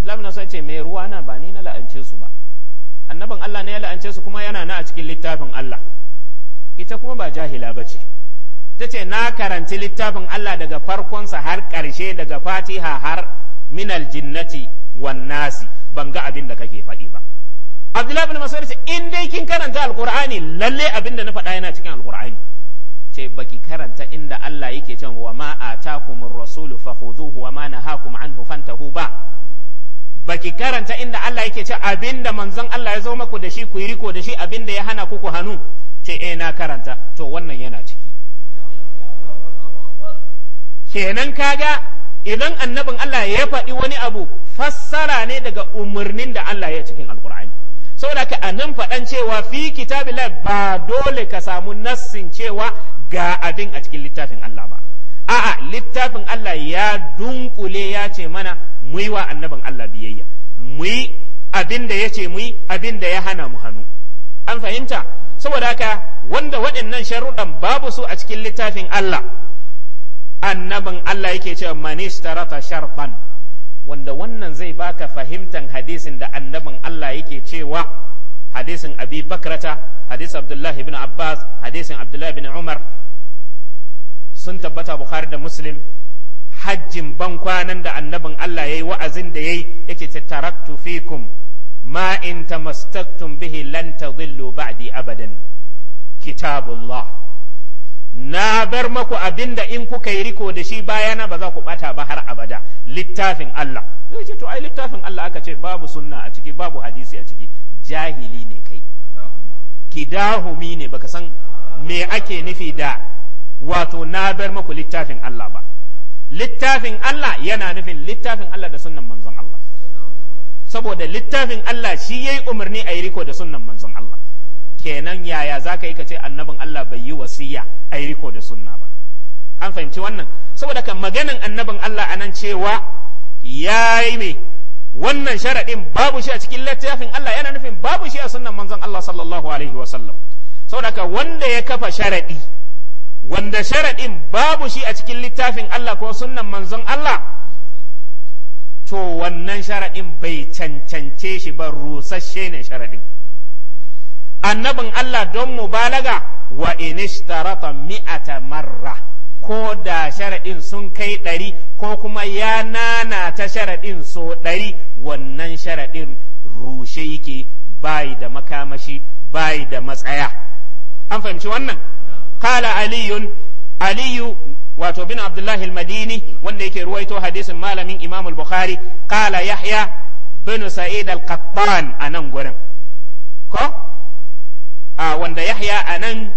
abdullahi bin mas'ud ce me ruwa na ba ni na la'ance su ba annabin Allah ne ya la'ance su kuma yana na a cikin littafin Allah ita kuma ba jahila ba ce ta ce na karanci littafin Allah daga farkonsa har ƙarshe daga fatiha har Min aljinnati wan nasi ban ga abin da kake faɗi ba abdullahi bin mas'ud ce in dai kin karanta alqur'ani lalle abin da na faɗa yana cikin alqur'ani ce baki karanta inda Allah yake cewa wa ma atakumur rasulu fakhudhuhu wa ma nahakum anhu fantahu ba baki karanta inda Allah yake cewa abinda manzon Allah ya zo maku da shi ku yi riko da shi abinda ya hana ku ku hannu ce eh na karanta to wannan yana ciki kenan kaga idan annabin Allah ya faɗi wani abu fassara ne daga umarnin da Allah ya cikin alkur'ani saboda ka anan faɗan cewa fi kitabillah ba dole ka samu nassin cewa ga abin a cikin littafin Allah ba a'a littafin Allah ya dunkule ya ce mana muyi wa annabin Allah biyayya muyi yi abin da ya ce mu yi abin da ya hana mu hannu an fahimta saboda ka wanda waɗannan sharuɗan babu su a cikin littafin Allah annabin Allah yake cewa manishtarata shartan wanda wannan zai baka fahimtan hadisin da annabin Allah yake cewa hadisin Abi Bakrata hadisin Abdullah ibn Abbas hadisin Abdullah ibn Umar sun tabbata Bukhari da Muslim hajjin ban kwanan da annabin Allah yayi wa'azin da yayi yake ce taraktu fikum ma in tamassaktum bihi lan tadhillu ba'di abadan kitabullah na bar maku abin da in kuka yi riko da shi bayana ba za ku bata ba har abada littafin Allah zai ce to ai littafin Allah aka ce babu sunna a ciki babu hadisi a ciki jahili ne kai kidahumi ne baka san me ake nufi da wato na bar maku littafin Allah ba littafin Allah yana nufin littafin Allah da sunnan manzon Allah saboda littafin Allah shi yayi umarni a yi riko da sunnan manzon Allah kenan yaya za ka yi ka ce annabin Allah bai yi wasiya a yi riko da sunna ba an fahimci wannan saboda ka maganin annabin Allah a nan cewa ya yi me wannan sharaɗin babu shi a cikin littafin Allah yana nufin babu shi a sunan manzon Allah sallallahu alaihi wa sallam saboda ka wanda ya kafa sharaɗi wanda sharaɗin babu shi a cikin littafin Allah ko sunnan manzon Allah to wannan sharaɗin bai cancance shi ba rusasshe ne sharaɗin annabin Allah don mubalaga wa inishtarata mi'ata marra ko da sharaɗin sun kai ɗari ko kuma ya nana ta sharaɗin so ɗari wannan sharaɗin rushe yake bayi da makamashi bayi da matsaya an fahimci wannan kala aliyun aliyu wato bin abdullahi madini wanda yake ruwaito hadisin malamin imam al-bukhari kala yahya bin sa'id al-qattan a nan gurin ko wanda yahya a nan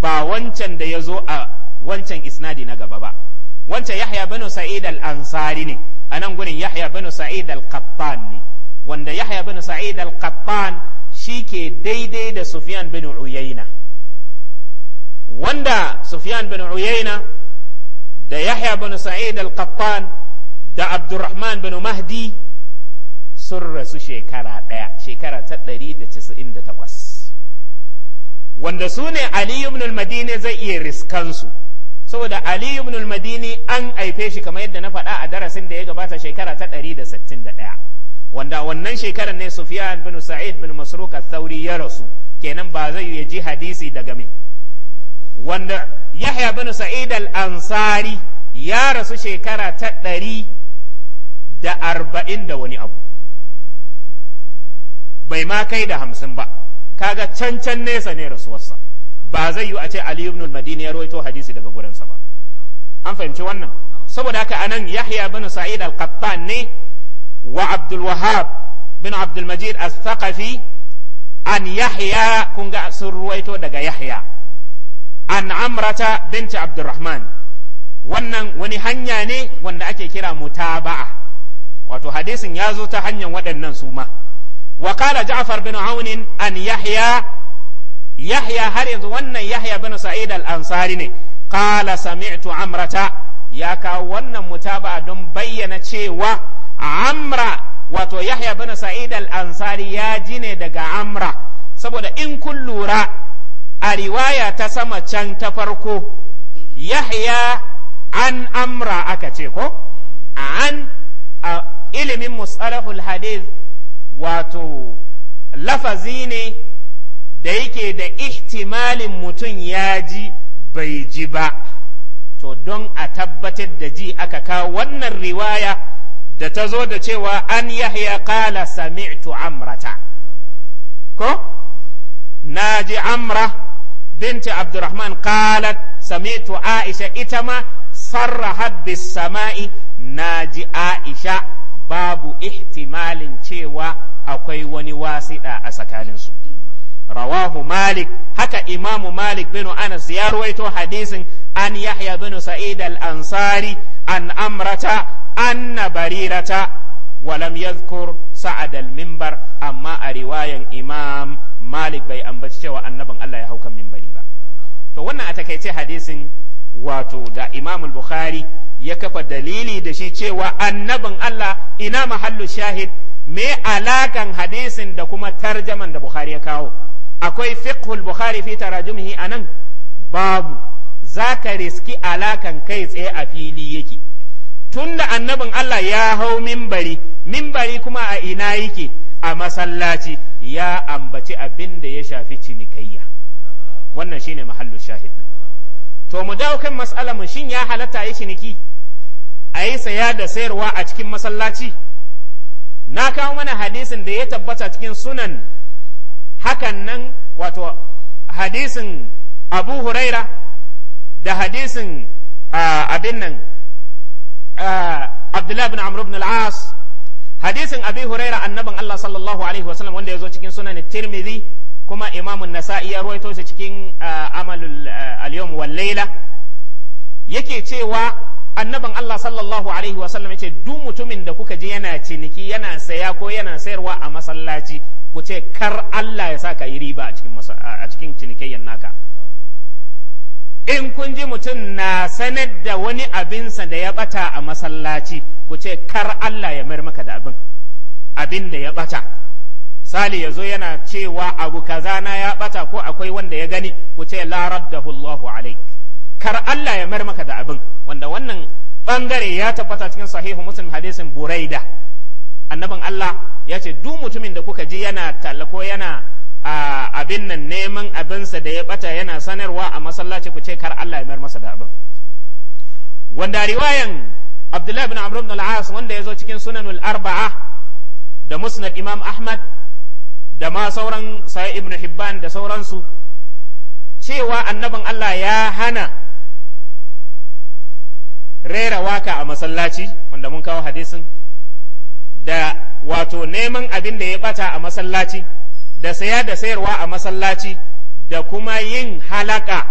ba wancan da ya zo a wancan isnadi na gaba ba wancan yahya bin sa'id al-ansari ne a nan gurin yahya bin sa'id al-qattan ne wanda yahya bin sa'id al-qattan shi ke daidai da sufyan bin uyaina wanda sufyan bin uyaina da yahya bin sa'id al-qattan da abdurrahman bin mahdi sun rasu shekara ɗaya shekara ta 198 wanda su ne Ali ibn al-Madini zai iya riskansu saboda Ali ibn al-Madini an haife shi kamar yadda na faɗa a darasin da ya gabata shekara ta 161 wanda wannan shekarar ne Sufyan bin Sa'id bin Masruq al-Thawri ya rasu kenan ba zai yi ji hadisi daga me wanda Yahya bin Sa'id al-Ansari ya rasu shekara ta arba'in da wani abu bai ma kai da hamsin ba kaga can can nesa ne rasuwarsa ba zai yi a ce Ali ibn al-Madini ya rawaito hadisi daga gurinsa ba an fahimci wannan saboda haka anan Yahya bin Sa'id al-Qattan ne wa Abdul Wahhab bin Abdul Majid al-Thaqafi an Yahya kun ga sun ruwaito daga Yahya an Amrata binti Abdurrahman wannan wani hanya ne wanda ake kira mutaba'a wato hadisin ya zo ta hanyar waɗannan su ma وقال جعفر بن عون أن يحيى يحيى هرز ون يحيى بن سعيد الأنصاري قال سمعت عمرة يا كون متابعة دم بيّن تشيوة عمرة wato Yahya bin Sa'id al-Ansari ya ji ne daga Amra saboda in kun lura a riwaya ta sama can ta farko Yahya an Amra aka ce ko an ilimin mustalahul hadith wato lafazi ne da yake da ihtimalin mutum ya ji bai ji ba to don a tabbatar da ji aka kawo wannan riwaya da ta zo da cewa an yahya kala sami'tu amrata ko na ji amra binti abdurrahman qalat sami'tu aisha ita ma sarrahat bis sama'i na ji aisha babu ihtimalin cewa akwai wani wasiɗa a tsakaninsu rawahu malik haka imamu malik bin anas ya ruwaito hadisin an yahya bin sa'id al-ansari an amrata anna barirata amma يذكر سعد imam malik bai ambaci cewa بي Allah ya hau kan mimbari ba. To wannan a takaice hadisin wato da Imam al-Bukhari ya kafa dalili da shi cewa annabin Allah ina mahallu shahid me alakan hadisin da kuma tarjaman da Bukhari ya kawo akwai fiqhul Bukhari fi tarajumihi anan babu zaka riski alakan kai tsaye a fili yake tunda annabin Allah ya hau mimbari mimbari kuma a ina yake a masallaci ya ambaci abin da ya shafi cinikayya wannan shine mahallu shahid to mu dawo kan mas'alar mu shin ya halatta yi ciniki Ayi yi saya da sayarwa a cikin masallaci na kawo mana hadisin da ya tabbata cikin sunan hakan nan wato hadisin abu huraira da hadisin abin nan abdullahi bin amr ibn al-as hadisin abi huraira annabin allah sallallahu alaihi wasallam wanda ya zo cikin sunan tirmidhi kuma imamun nasa'i ya ruwaito shi cikin amalul al-yawm wal layla yake cewa annaban Allah sallallahu alaihi wasallam yace du mutumin da kuka ji yana ciniki yana saya ko yana sayarwa a masallaci ku ce kar Allah ya sa ka yi riba a cikin a cikin cinikayyan naka in kun ji mutum na sanar da wani abinsa da ya bata a masallaci ku ce kar Allah ya mayar maka da abin abin da ya bata sali yazo yana cewa abu kaza na ya bata ko akwai wanda ya gani ku ce la raddahu Allahu alaihi kar Allah ya mayar maka da abin wanda wannan bangare ya tabbata cikin sahihu muslim hadisin buraida annabin Allah ya ce duk mutumin da kuka ji yana tallako yana abin nan neman abinsa da ya bata yana sanarwa a masallaci ku ce kar Allah ya mayar masa da abin wanda riwayan Abdullah ibn Amr ibn al-As wanda ya zo cikin sunanul arba'a da musnad Imam Ahmad da ma sauran sai Ibn Hibban da sauransu cewa annabin Allah ya hana rera waka a masallaci wanda mun kawo hadisin da wato neman abin da ya bata a masallaci da saya da sayarwa a masallaci da kuma yin halaka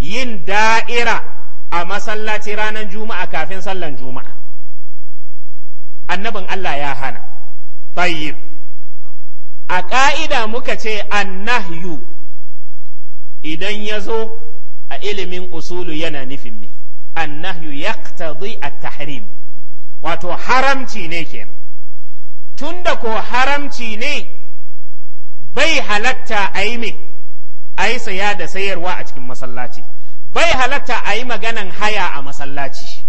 yin da'ira a masallaci ranar juma'a kafin sallan juma'a annabin Allah ya hana tayyib a ƙa'ida muka ce annahyu idan ya zo a ilimin usulu yana nufin me annahyu yaqtadi at-tahrim wato haramci ne kenan tunda ko haramci ne bai halatta a yi me a yi saya da sayarwa a cikin masallaci bai halatta a yi maganan haya a masallaci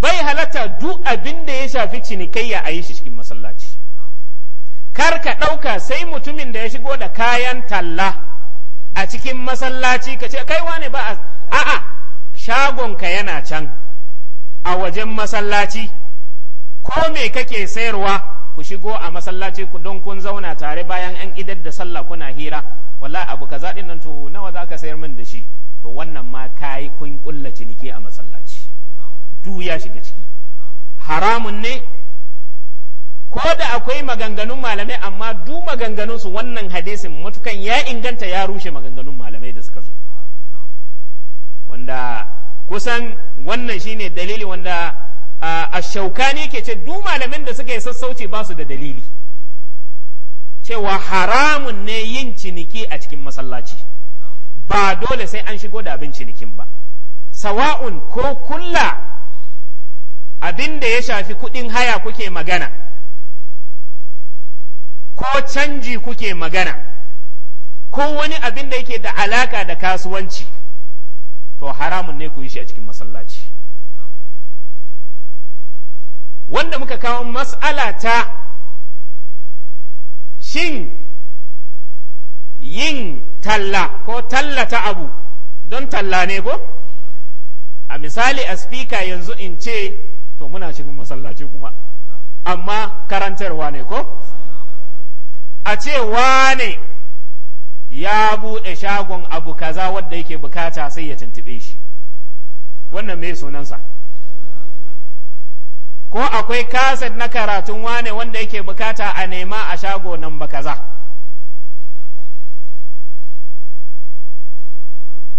bai halatta duk abin da ya shafi cinikayya a yi shi cikin masallaci kar ka ɗauka sai mutumin da ya shigo da kayan talla a cikin masallaci ka ce kai wane ba a a'a shagonka yana can a wajen masallaci ko me kake sayarwa ku shigo a masallaci ku don kun zauna tare bayan an idar da sallah kuna hira walla abu kaza din nan to nawa za sayar min da shi to wannan ma kayi kun kulla ciniki a masallaci du ya shiga ciki haramun ne ko da akwai maganganun malamai amma du maganganun su wannan hadisin matukan ya inganta ya rushe maganganun malamai da suka zo wanda kusan wannan shine dalili wanda a shaukani ke ce duk malamin da suka yi sassauci ba su da dalili cewa haramun ne yin ciniki a cikin masallaci ba dole sai an shigo da abin cinikin ba sawa'un ko kulla abin da ya shafi kuɗin haya kuke magana ko canji kuke magana ko wani abin da yake da alaka da kasuwanci to haramun ne ku yi shi a cikin masallaci wanda muka kawo mas'ala ta shin yin talla ko tallata abu don talla ne ko a misali a spika yanzu in ce to muna cikin masallaci kuma amma karantarwa ne ko a ce wane ya buɗe shagon abu kaza wadda yake bukata sai ya tuntube shi wannan mai sunansa ko akwai kaset na karatun wane wanda yake bukata a nema a shago nan ba kaza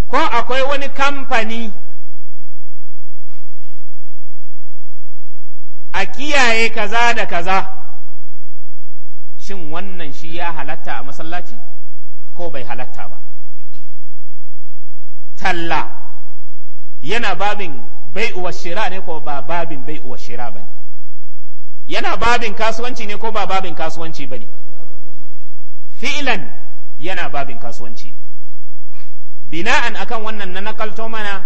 ko akwai wani kamfani a kiyaye kaza da kaza shin wannan shi ya halatta a masallaci? ko bai halatta ba talla yana babin bai uwa shira ne ko ba babin bai uwa shira ba ne yana babin kasuwanci ne ko ba babin kasuwanci ba ne fi'ilan yana babin kasuwanci ne bina'an akan wannan na nakalto mana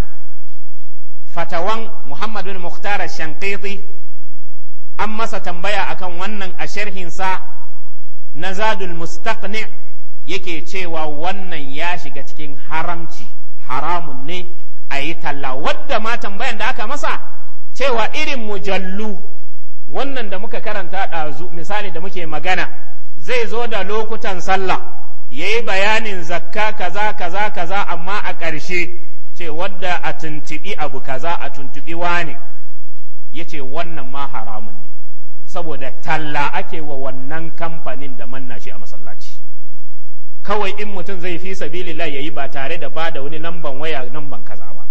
fatawan Muhammadu bin Mukhtar Shankiti an masa tambaya akan wannan a sharhinsa na Zadul Mustaqni' yake cewa wannan ya shiga cikin haramci haramun ne a yi talla wadda ma tambayan da aka masa cewa irin mujallu wannan da muka karanta ɗazu misali da muke magana zai zo da lokutan sallah ya yi bayanin zakka kaza kaza kaza amma a ƙarshe ce wadda a tuntuɓi abu kaza a tuntuɓi wani, ya ce wannan ma haramun ne saboda talla ake wa wannan kamfanin da manna shi a masallaci kawai in mutum zai fi ya yi ba tare da ba da wani lamban waya lamban kaza ba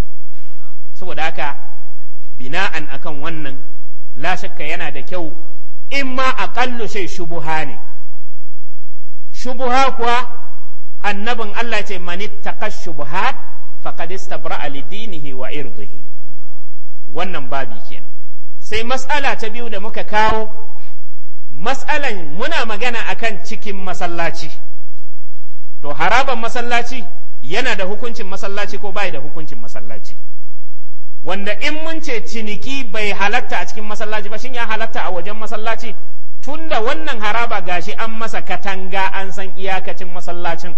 saboda haka bina'an akan wannan la shakka yana da kyau in ma aqallu shay shubuha ne shubuha kuwa annabin Allah ce mani taqa shubuha faqad istabra'a lidinihi wa irdihi wannan babi kenan sai mas'ala ta biyu da muka kawo mas'alan muna magana akan cikin masallaci to haraban masallaci yana da hukuncin masallaci ko bai da hukuncin masallaci wanda in mun ce ciniki bai halatta a cikin masallaci ba shin ya halatta a wajen masallaci tunda wannan haraba gashi an masa katanga an san iyakacin masallacin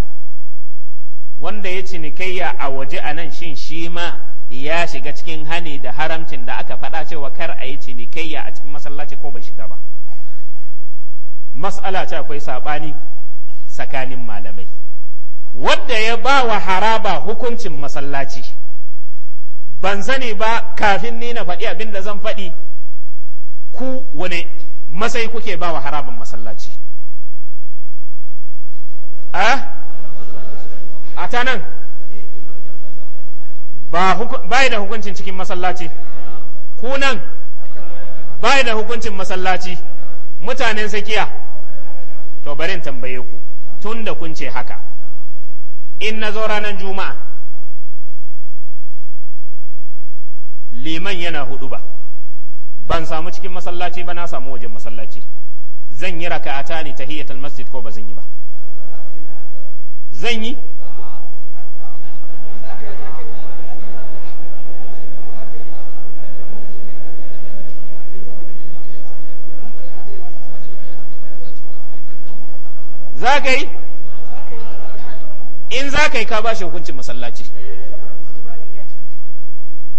wanda ya cinikayya a waje a nan shin shi ma ya shiga cikin hani da haramcin da aka faɗa cewa kar a yi cinikayya a cikin masallaci ko bai shiga ba mas'ala ce akwai saɓani tsakanin malamai wadda ya ba wa haraba hukuncin masallaci ban sani ba kafin ni na faɗi abin da zan faɗi ku wane matsayi kuke ba wa harabin masallaci ah? a ta nan ba da hukuncin cikin masallaci ku nan ba da hukuncin masallaci mutanen sakiya to bari tambaye ku tun da kun ce haka in na zo ranar juma'a liman yana hudu ba ban samu cikin masallaci ba na samu wajen masallaci zan yi raka'ata ne tahiyatul masjid ko ba zan yi ba zan yi za ka yi in za ka yi ka ba shi hukuncin masallaci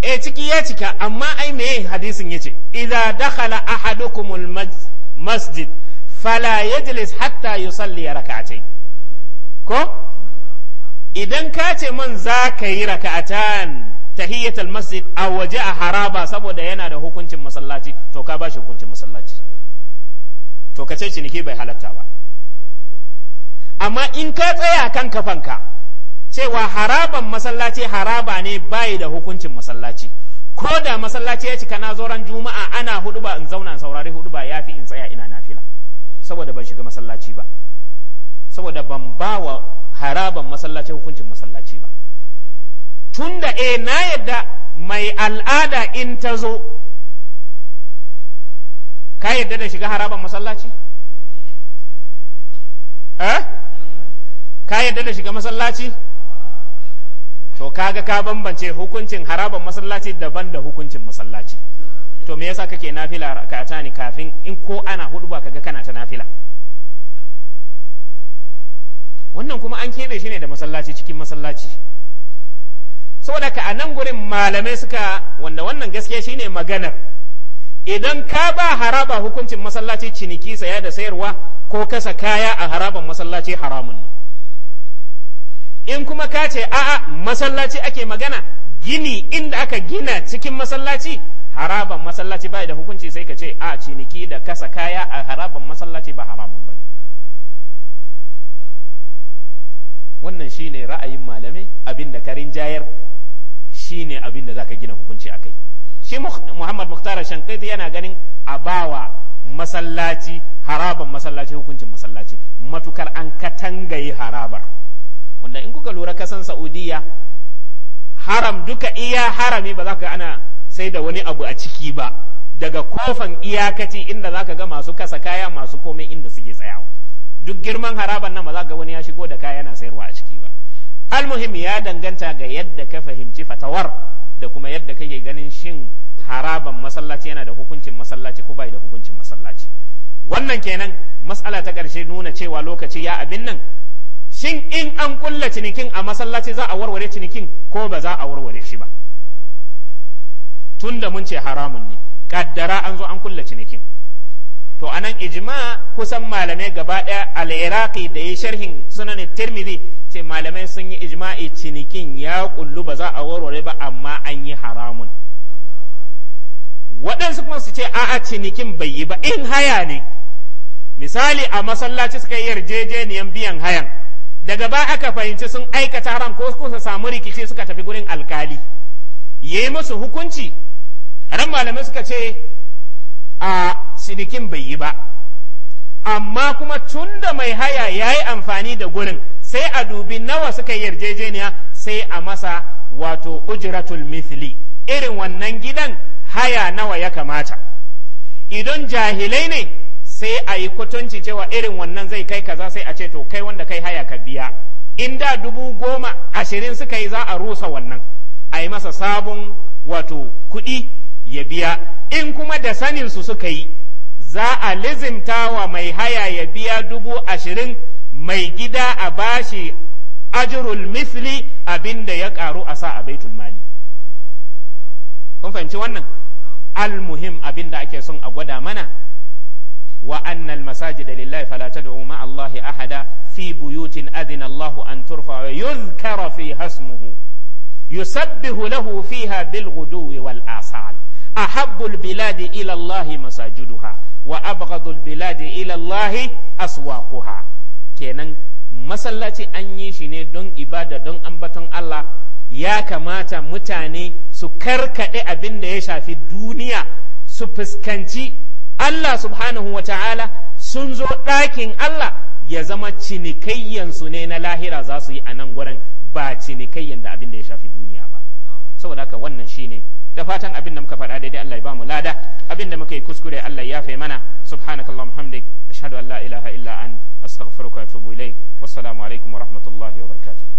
e ciki ya cika amma ai me hadisin yace idza dakhala ahadukumul masjid fala yajlis hatta yusalli rak'atayn ko idan ka ce man za ka yi raka'atan tahiyyatul masjid a waje a haraba saboda yana da hukuncin masallaci to ka ba shi hukuncin masallaci to ka ce ciniki bai halatta ba amma in ka tsaya kan kafanka cewa haraban masallaci haraba ne bayi da hukuncin masallaci ko da masallaci ya cika na zoran juma'a ana hudu ba in zauna in saurari hudu ba yafi in tsaya ina nafila saboda ban shiga masallaci ba saboda ban ba wa haraban masallaci hukuncin masallaci ba tunda eh na yadda mai al'ada in ta zo ka yadda da shiga haraban masallaci eh ka yadda da shiga masallaci to kaga ka bambance hukuncin haraban masallaci daban da hukuncin masallaci to me yasa kake nafila rakata ne kafin in ko ana hudu ba kaga kana ta nafila wannan kuma an keɓe shi ne da masallaci cikin masallaci saboda ka a nan gurin malamai suka wanda wannan gaskiya shine maganar idan ka ba haraba hukuncin masallaci ciniki saya da sayarwa ko kasa kaya a haraban masallaci haramun ne in kuma ka ce a'a masallaci ake magana gini inda aka gina cikin masallaci haraban masallaci bai da hukunci sai ka ce a ciniki da kasa kaya a haraban masallaci ba haramun bane wannan shine ra'ayin malamai abin da karin jayar shine abin da zaka gina hukunci akai shi Muhammad muhtar Shankaiti yana ganin a bawa masallaci haraban masallaci hukuncin masallaci matukar an katangaye harabar wanda in kuka lura kasan saudiya haram duka iya harami ba za ka ana sai da wani abu a ciki ba daga kofan iyakaci inda za ka ga masu kasa kaya masu komai inda suke tsayawa duk girman haraban nan ba za ka wani ya shigo da kaya yana sayarwa a ciki ba almuhim ya danganta ga yadda ka fahimci fatawar da kuma yadda kake ganin shin haraban masallaci yana da hukuncin masallaci ko bai da hukuncin masallaci wannan kenan mas'ala ta ƙarshe nuna cewa lokaci ya abin nan shin in an kulla cinikin a masallaci za a warware cinikin ko ba za a warware shi ba tun da mun ce haramun ne kaddara an zo an kulla cinikin to anan ijma kusan malamai gaba ɗaya al-iraqi da ya sharhin sunan tirmidhi ce malamai sun yi ijma'i cinikin ya kullu ba za a warware ba amma an yi haramun waɗansu kuma su ce a'a cinikin bai yi ba in haya ne misali a masallaci suka yi yarjejeniyan biyan hayan daga ba aka fahimci sun aikata haram ko su samu rikici suka tafi gurin alkali ya yi musu hukunci ran malamai suka ce a sidikin bai yi ba amma kuma tun da mai haya ya yi amfani da gurin sai a dubi nawa suka yi yarjejeniya sai a masa wato ujratul mithli irin wannan gidan haya nawa ya kamata idan jahilai ne sai a yi kwatanci cewa irin wannan zai kai kaza sai a ce to kai wanda kai haya ka biya in da dubu goma ashirin suka yi za a rusa wannan a yi masa sabon wato kuɗi ya biya in kuma da saninsu suka yi za a lizimta wa mai haya ya biya dubu ashirin mai gida a bashi ajirul misli abin da ya karu a sa a baitul mali kun fahimci wannan almuhim da ake son a gwada mana wa anna al-masajida lillahi fala tad'u ma Allah ahada fi buyutin adina Allah an turfa wa hasmuhu. Yu hasmuhu yusabbihu lahu fiha bil ghuduwi wal asal ahabbu al-biladi ila Allah masajiduha wa abghadu al-biladi ila Allah aswaquha kenan masallaci an yi shi ne don ibada don ambaton Allah ya kamata mutane su karkade abin da ya shafi duniya su fuskanci Allah subhanahu wa ta'ala sun zo ɗakin Allah ya zama cinikayyansu ne na lahira za su yi a nan gurin ba cinikayyan da abin da ya shafi duniya ba saboda haka wannan shi ne da fatan abin da muka faɗa daidai Allah ya ba mu lada abin da muka yi kuskure Allah ya fe mana subhanakallahu hamdik ashhadu an la ilaha illa an astaghfiruka wa atubu ilaik wassalamu alaikum wa rahmatullahi wa barakatuh